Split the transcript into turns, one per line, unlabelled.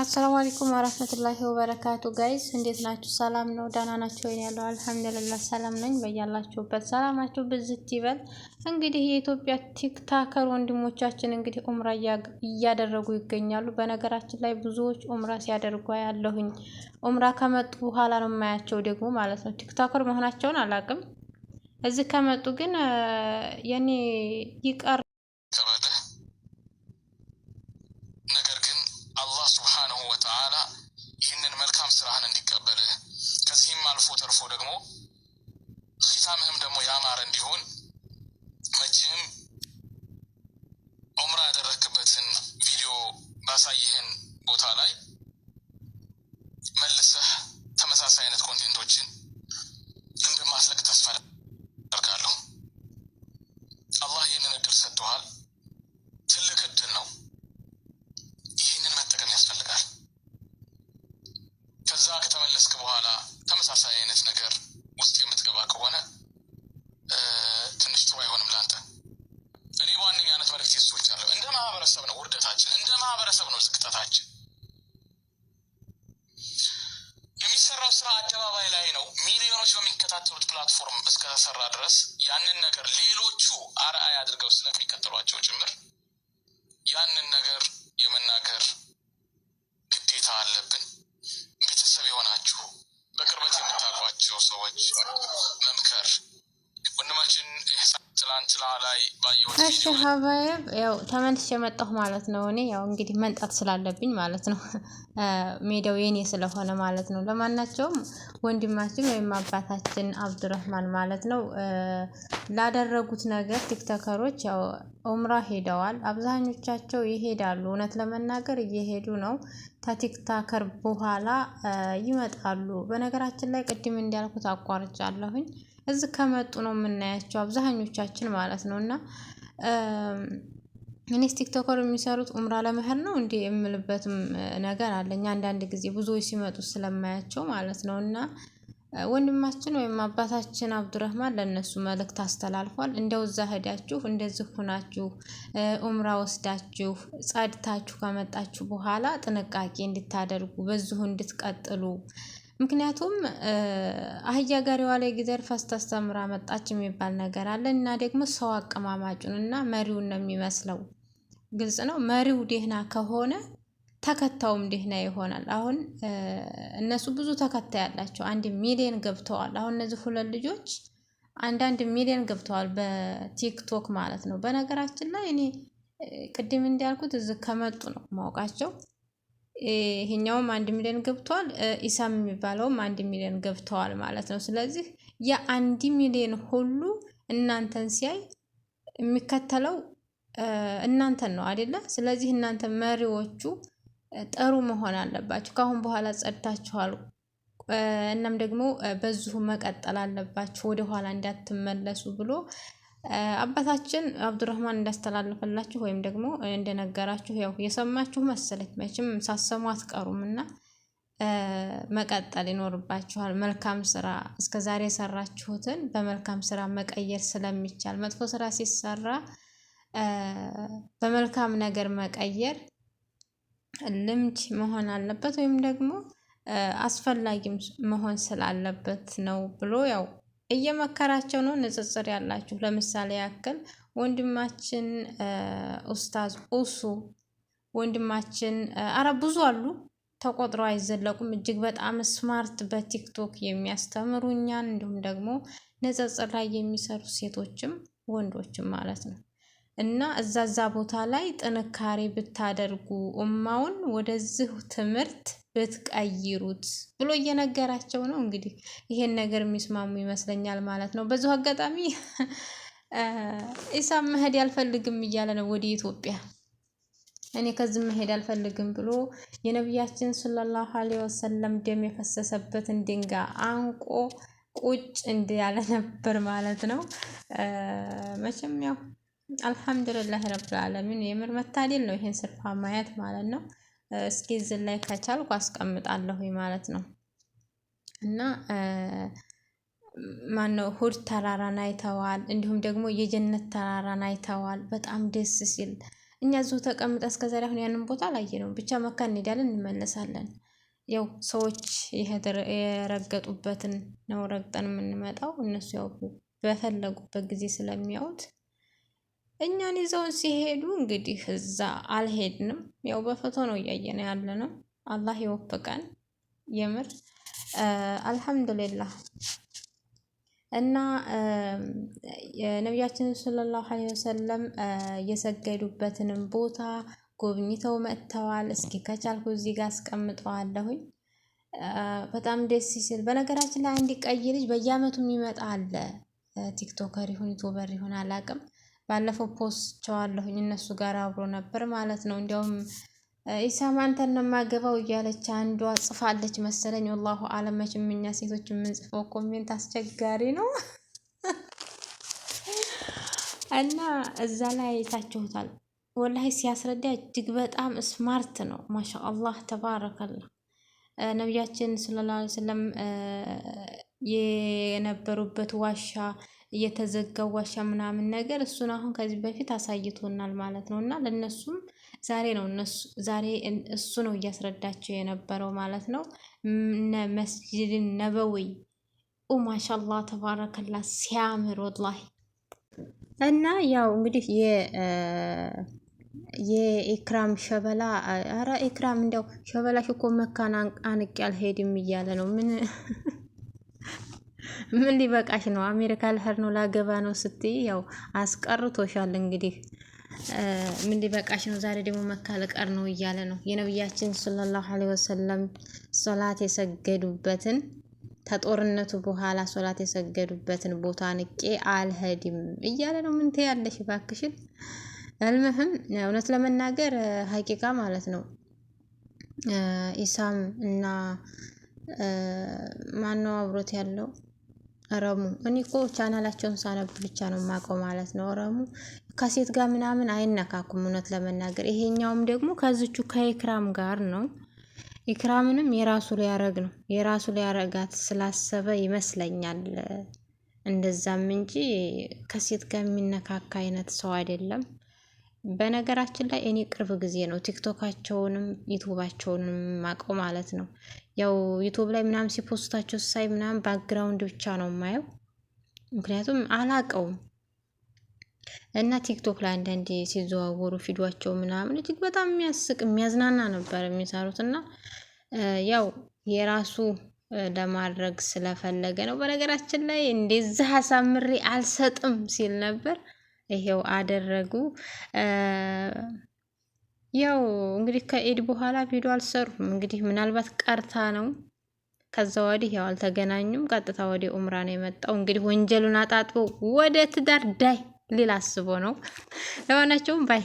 አሰላሙ አለይኩም ወራህመቱላሂ ወበረካቱ ጋይስ እንዴት ናችሁ? ሰላም ነው? ደህና ናችሁ እኔ ያለው አልሐምዱሊላህ ሰላም ነኝ። በያላችሁበት ሰላማችሁ ብዝት ይበል። እንግዲህ የኢትዮጵያ ቲክታከር ወንድሞቻችን እንግዲህ ኡምራ እያደረጉ ይገኛሉ። በነገራችን ላይ ብዙዎች ኡምራ ሲያደርጉ ያለሁኝ ኡምራ ከመጡ በኋላ ነው የማያቸው ደግሞ ማለት ነው። ቲክታከር መሆናቸውን አላቅም። እዚህ ከመጡ ግን የኔ ይቀር ወተዓላ ይህንን መልካም ስራህን እንዲቀበልህ ከዚህም አልፎ ተርፎ ደግሞ ሂታምህም ደግሞ ያማረ እንዲሆን መቼም ዑምራ ያደረክበትን ቪዲዮ ባሳይህን ቦታ ላይ መልሰህ ተመሳሳይ አይነት ኮንቴንቶችን ከዛ ከተመለስክ በኋላ ተመሳሳይ አይነት ነገር ውስጥ የምትገባ ከሆነ ትንሽ ጥሩ አይሆንም ለአንተ። እኔ በዋነኛነት መልዕክት የሶች አለው እንደ ማህበረሰብ ነው ውርደታችን፣ እንደ ማህበረሰብ ነው ዝቅጠታችን። የሚሰራው ስራ አደባባይ ላይ ነው። ሚሊዮኖች በሚከታተሉት ፕላትፎርም እስከተሰራ ድረስ ያንን ነገር ሌሎቹ አርአይ አድርገው ስለሚከተሏቸው ጭምር ያንን ነገር የመናገር እሺ ሀባይብ
ያው ተመልሼ የመጣሁ ማለት ነው። እኔ ያው እንግዲህ መንጣት ስላለብኝ ማለት ነው። ሜዳው የኔ ስለሆነ ማለት ነው። ለማናቸውም ወንድማችን ወይም አባታችን አብዱረህማን ማለት ነው ላደረጉት ነገር ቲክቶከሮች ያው ኦምራ ሄደዋል። አብዛኞቻቸው ይሄዳሉ። እውነት ለመናገር እየሄዱ ነው ከቲክታከር በኋላ ይመጣሉ። በነገራችን ላይ ቅድም እንዲያልኩት አቋርጫለሁኝ። እዚህ ከመጡ ነው የምናያቸው አብዛኞቻችን ማለት ነው። እና እኔስ ቲክቶከር የሚሰሩት ኡምራ ለመሄድ ነው እንዲህ የምልበትም ነገር አለኝ አንዳንድ ጊዜ ብዙዎች ሲመጡ ስለማያቸው ማለት ነው እና ወንድማችን ወይም አባታችን አብዱረህማን ለእነሱ መልእክት አስተላልፏል። እንደው እዛ ሄዳችሁ እንደዚህ ሁናችሁ ኡምራ ወስዳችሁ ጸድታችሁ ከመጣችሁ በኋላ ጥንቃቄ እንድታደርጉ በዚሁ እንድትቀጥሉ ምክንያቱም አህያ ጋሪዋ ላይ ጊዘር ፈስተስተምራ መጣች የሚባል ነገር አለ እና ደግሞ ሰው አቀማማጩን እና መሪውን ነው የሚመስለው። ግልጽ ነው። መሪው ደህና ከሆነ ተከታዩም ደህና ይሆናል። አሁን እነሱ ብዙ ተከታይ ያላቸው አንድ ሚሊዮን ገብተዋል። አሁን እነዚህ ሁለት ልጆች አንዳንድ ሚሊዮን ገብተዋል በቲክቶክ ማለት ነው። በነገራችን ላይ እኔ ቅድም እንዲያልኩት እዚህ ከመጡ ነው ማውቃቸው። ይሄኛውም አንድ ሚሊዮን ገብተዋል፣ ኢሳም የሚባለውም አንድ ሚሊዮን ገብተዋል ማለት ነው። ስለዚህ የአንድ ሚሊዮን ሁሉ እናንተን ሲያይ የሚከተለው እናንተን ነው አይደለ? ስለዚህ እናንተ መሪዎቹ ጥሩ መሆን አለባችሁ። ከአሁን በኋላ ጸድታችኋል። እናም ደግሞ በዚሁ መቀጠል አለባችሁ፣ ወደኋላ እንዳትመለሱ ብሎ አባታችን አብዱራህማን እንዳስተላለፈላችሁ ወይም ደግሞ እንደነገራችሁ ያው የሰማችሁ መሰለኝ። መቼም ሳሰሙ አትቀሩም እና መቀጠል ይኖርባችኋል። መልካም ስራ እስከዛሬ የሰራችሁትን በመልካም ስራ መቀየር ስለሚቻል መጥፎ ስራ ሲሰራ በመልካም ነገር መቀየር ልምድ መሆን አለበት ወይም ደግሞ አስፈላጊም መሆን ስላለበት ነው ብሎ ያው እየመከራቸው ነው። ንጽጽር ያላችሁ ለምሳሌ ያክል ወንድማችን ኡስታዝ ኡሱ ወንድማችን፣ አረ ብዙ አሉ ተቆጥሮ አይዘለቁም። እጅግ በጣም ስማርት በቲክቶክ የሚያስተምሩ እኛን እንዲሁም ደግሞ ንጽጽር ላይ የሚሰሩ ሴቶችም ወንዶችም ማለት ነው። እና እዛዛ ቦታ ላይ ጥንካሬ ብታደርጉ እማውን ወደዚህ ትምህርት ብትቀይሩት ብሎ እየነገራቸው ነው። እንግዲህ ይሄን ነገር የሚስማሙ ይመስለኛል ማለት ነው። በዚሁ አጋጣሚ ኢሳም መሄድ አልፈልግም እያለ ነው ወደ ኢትዮጵያ እኔ ከዚህ መሄድ አልፈልግም ብሎ የነቢያችን ሰለላሁ ዐለይሂ ወሰለም ደም የፈሰሰበትን ድንጋይ አንቆ ቁጭ እንዲያለ ነበር ማለት ነው። መቼም ያው አልሐምዱሊላህ ረብል ዓለሚን የምር መታደል ነው ይሄን ስርፋ ማየት ማለት ነው። እስኪ እዚህ ላይ ከቻልኩ አስቀምጣለሁ ማለት ነው እና ማነው ሁድ ተራራን አይተዋል። እንዲሁም ደግሞ የጀነት ተራራን አይተዋል። በጣም ደስ ሲል እኛ እዚሁ ተቀምጠ እስከዛሬ አሁን ያንን ቦታ አላየነውም። ብቻ መካ እንሄዳለን እንመለሳለን። ያው ሰዎች የረገጡበትን ነው ረግጠን የምንመጣው። እነሱ ያው በፈለጉበት ጊዜ ስለሚያዩት እኛን ይዘውን ሲሄዱ እንግዲህ እዛ አልሄድንም። ያው በፎቶ ነው እያየን ያለ ነው። አላህ ይወፍቀን የምር አልሐምዱሊላህ። እና ነቢያችን ሰለላሁ ዐለይሂ ወሰለም የሰገዱበትንም ቦታ ጎብኝተው መጥተዋል። እስኪ ከቻልኩ እዚህ ጋር አስቀምጠዋለሁኝ። በጣም ደስ ሲል። በነገራችን ላይ አንድ ቀይ ልጅ በየአመቱ የሚመጣ አለ። ቲክቶከር ይሁን ዩቱበር ይሁን አላቅም። ባለፈው ፖስት ቸዋለሁኝ እነሱ ጋር አብሮ ነበር ማለት ነው። እንዲያውም ኢሳማንተን አንተን ነው የማገባው እያለች አንዷ ጽፋለች መሰለኝ። ወላሁ አለመች እኛ ሴቶች የምንጽፈው ኮሜንት አስቸጋሪ ነው እና እዛ ላይ አይታችሁታል። ወላሂ ሲያስረዳ እጅግ በጣም ስማርት ነው። ማሻ አላህ ተባረከላ። ነቢያችን ሰለላሁ ዐለይሂ የነበሩበት ዋሻ የተዘጋው ዋሻ ምናምን ነገር እሱን አሁን ከዚህ በፊት አሳይቶናል ማለት ነው። እና ለእነሱም ዛሬ ነው ዛሬ እሱ ነው እያስረዳቸው የነበረው ማለት ነው። እነ መስጅድን ነበዊ ማሻላ ተባረከላ ሲያምር ወላሂ። እና ያው እንግዲህ የኢክራም ሸበላ አረ ኢክራም እንዲያው ሸበላሽ እኮ መካን አንቅ አልሄድም እያለ ነው ምን ምን ሊበቃሽ ነው? አሜሪካ ልሄድ ነው ላገባ ነው ስትይ ያው አስቀርቶሻል። እንግዲህ ምን ሊበቃሽ ነው? ዛሬ ደግሞ መካ ልቀር ነው እያለ ነው። የነቢያችን ሰለላሁ ዐለይሂ ወሰለም ሶላት የሰገዱበትን ከጦርነቱ በኋላ ሶላት የሰገዱበትን ቦታ ንቄ አልሄድም እያለ ነው። ምን ትያለሽ እባክሽን? አልመህም እውነት ለመናገር ሀቂቃ ማለት ነው ኢሳም እና ማነው አብሮት ያለው ረሙ እኔ እኮ ቻናላቸውን ሳነብ ብቻ ነው የማውቀው ማለት ነው። ረሙ ከሴት ጋር ምናምን አይነካኩም እውነት ለመናገር ይሄኛውም ደግሞ ከዝቹ ከኢክራም ጋር ነው። ኢክራምንም የራሱ ሊያረግ ነው የራሱ ሊያረጋት ስላሰበ ይመስለኛል እንደዛም እንጂ ከሴት ጋር የሚነካካ አይነት ሰው አይደለም። በነገራችን ላይ እኔ ቅርብ ጊዜ ነው ቲክቶካቸውንም ዩቱባቸውንም ማቀው ማለት ነው። ያው ዩቱብ ላይ ምናምን ሲፖስታቸው ሳይ ምናምን ባክግራውንድ ብቻ ነው የማየው፣ ምክንያቱም አላቀውም። እና ቲክቶክ ላይ አንዳንዴ ሲዘዋወሩ ፊዷቸው ምናምን እጅግ በጣም የሚያስቅ የሚያዝናና ነበር የሚሰሩት እና ያው የራሱ ለማድረግ ስለፈለገ ነው። በነገራችን ላይ እንደዛ አሳምሬ አልሰጥም ሲል ነበር። ይሄው አደረጉ። ያው እንግዲህ ከኢድ በኋላ ቪዲዮ አልሰሩም። እንግዲህ ምናልባት ቀርታ ነው። ከዛ ወዲህ ያው አልተገናኙም። ቀጥታ ወደ ኡምራ ነው የመጣው። እንግዲህ ወንጀሉን አጣጥቦ ወደ ትዳር ዳይ ሊል አስቦ ነው። ለማናቸውም ባይ